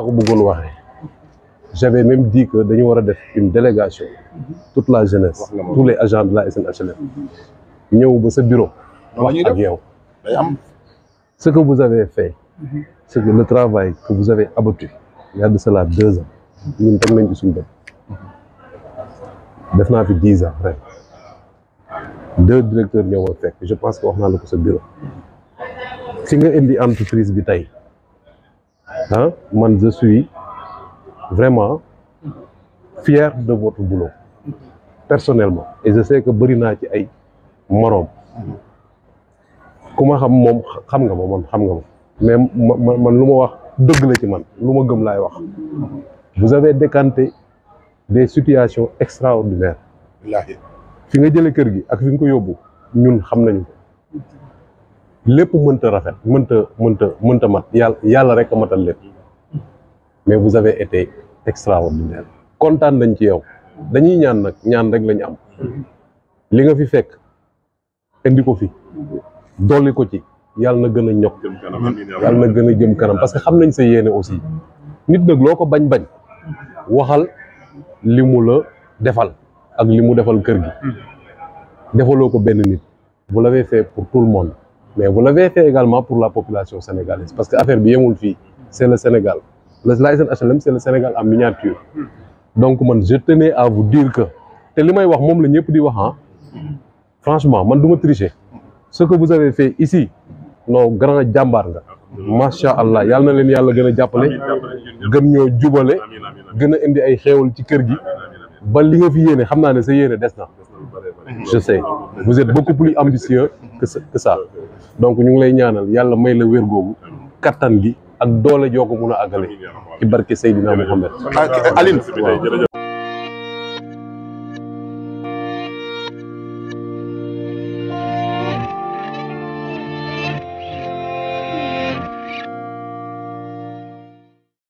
laa ko bëggoon waxee j'avais même dit que dañu war a def une délégation toute la jeunesse tous les agents de la SNHLM ñëw ba sa bureau ak yow ce que vous avez fait mhm. c'est que le travail que vous avez abattu il y a de deux ans ñun teg nañ ci suñu bopp def naa fi dix ans ren deux directeurs ñoo fekk je pense que wax naa la ko sa bureau fi nga indi entreprise bi tey ah man je suis vraiment fier de votre boulot personnellement et je sais que bëri naa ci ay moroom ku ma xam moom xam nga ma man xam nga ma mais man lu ma wax dëgg la ci man lu ma gëm laay wax vous avez décanté des situations extraordinaires fi nga jële kër gi ak fi nga ko yóbbu ñun xam nañu lépp mënta rafet mënta mënta mënta mat yàlla yàlla rek a matal lépp mais vous avez été extraordinaire kontaan nañ ci yow dañuy ñaan nag ñaan rek lañu am li nga fi fekk indi ko fi dolli ko ci yàlla na gën a ñokk yàlla na gën a jëm kanam parce que xam nañ sa yéene aussi nit nag loo ko bañ bañ waxal li mu la defal ak li mu defal kër gi hmm. defaloo ko benn nit vous l'avez fait pour tout le monde mais vous l'avez fait également pour la population sénégalaise parce que affaire bi yemul fii c'est le Sénégal le Lycée HLM c'est le Sénégal en miniature donc man je tenais à vous dire que te li may wax moom la ñëpp di wax ah franchement man du ma tricher ce que vous avez fait ici non grand jàmbaar nga macha allah yàlla na leen yàlla gën a jàppale gën ñoo jubale gën a indi ay xéewal ci kër gi ba li nga fi yéene xam naa ne sa yéene des na je sais vous êtes beaucoup que ça donc ñu ngi lay ñaanal yàlla may la wér googu kattan gi ak doole joo ko mun a àggale ci barke Seydina Mouhamed ah, Aline